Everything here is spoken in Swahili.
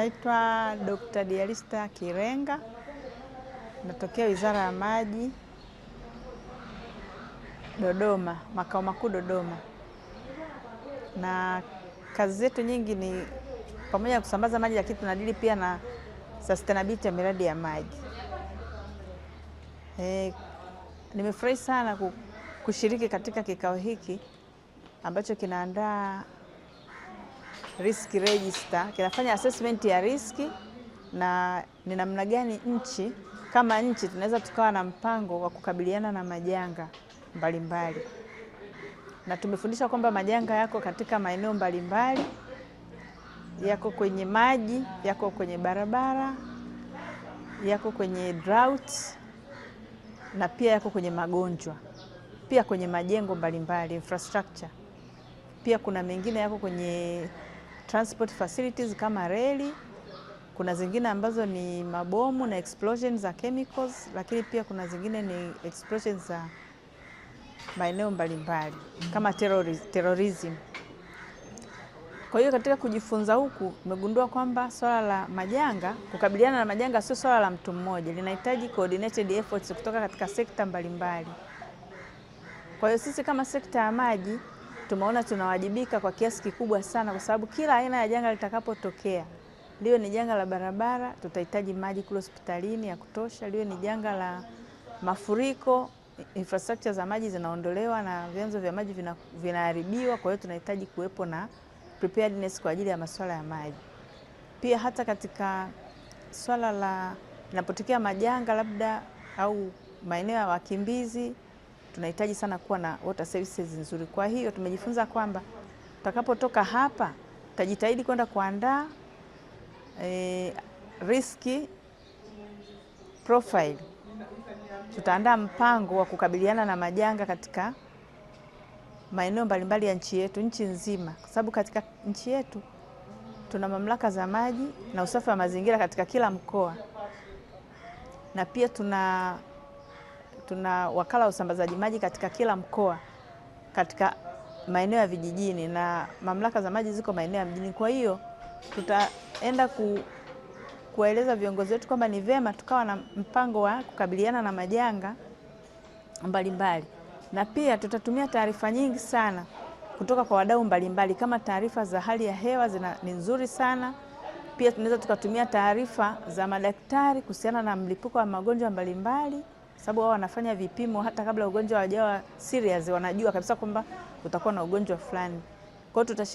Naitwa Dr. Dialista Kirenga, natokea Wizara ya Maji Dodoma, makao makuu Dodoma, na kazi zetu nyingi ni pamoja na kusambaza maji, lakini tunadili pia na sustainability ya miradi ya maji. E, nimefurahi sana kushiriki katika kikao hiki ambacho kinaandaa risk register, kinafanya assessment ya riski na ni namna gani nchi kama nchi tunaweza tukawa na mpango wa kukabiliana na majanga mbalimbali mbali. Na tumefundisha kwamba majanga yako katika maeneo mbalimbali, yako kwenye maji, yako kwenye barabara, yako kwenye drought na pia yako kwenye magonjwa, pia kwenye majengo mbalimbali mbali, infrastructure. Pia kuna mengine yako kwenye transport facilities kama reli. Kuna zingine ambazo ni mabomu na explosions za chemicals, lakini pia kuna zingine ni explosions za maeneo mbalimbali kama terrorism. Kwa hiyo katika kujifunza huku nimegundua kwamba swala la majanga, kukabiliana na majanga sio swala la mtu mmoja, linahitaji coordinated efforts kutoka katika sekta mbalimbali. Kwa hiyo sisi kama sekta ya maji tumeona tunawajibika kwa kiasi kikubwa sana, kwa sababu kila aina ya janga litakapotokea, liwe ni janga la barabara, tutahitaji maji kule hospitalini ya kutosha, liwe ni janga la mafuriko, infrastructure za maji zinaondolewa na vyanzo vya maji vinaharibiwa. Kwa hiyo tunahitaji kuwepo na preparedness kwa ajili ya masuala ya maji. Pia hata katika swala la inapotokea majanga labda au maeneo ya wakimbizi tunahitaji sana kuwa na water services nzuri. Kwa hiyo tumejifunza kwamba tutakapotoka hapa tutajitahidi kwenda kuandaa e, eh, riski profile. Tutaandaa mpango wa kukabiliana na majanga katika maeneo mbalimbali ya nchi yetu, nchi nzima, kwa sababu katika nchi yetu tuna mamlaka za maji na usafi wa mazingira katika kila mkoa na pia tuna tuna wakala wa usambazaji maji katika kila mkoa katika maeneo ya vijijini na mamlaka za maji ziko maeneo ya mjini. Kwa hiyo tutaenda ku, kuwaeleza viongozi wetu kwamba ni vyema tukawa na mpango wa kukabiliana na majanga mbalimbali, na pia tutatumia taarifa nyingi sana kutoka kwa wadau mbalimbali, kama taarifa za hali ya hewa zina, ni nzuri sana pia tunaweza tukatumia taarifa za madaktari kuhusiana na mlipuko wa magonjwa mbalimbali sababu wao wanafanya vipimo hata kabla ugonjwa hajawa serious, wanajua kabisa kwamba utakuwa na ugonjwa fulani. Kwa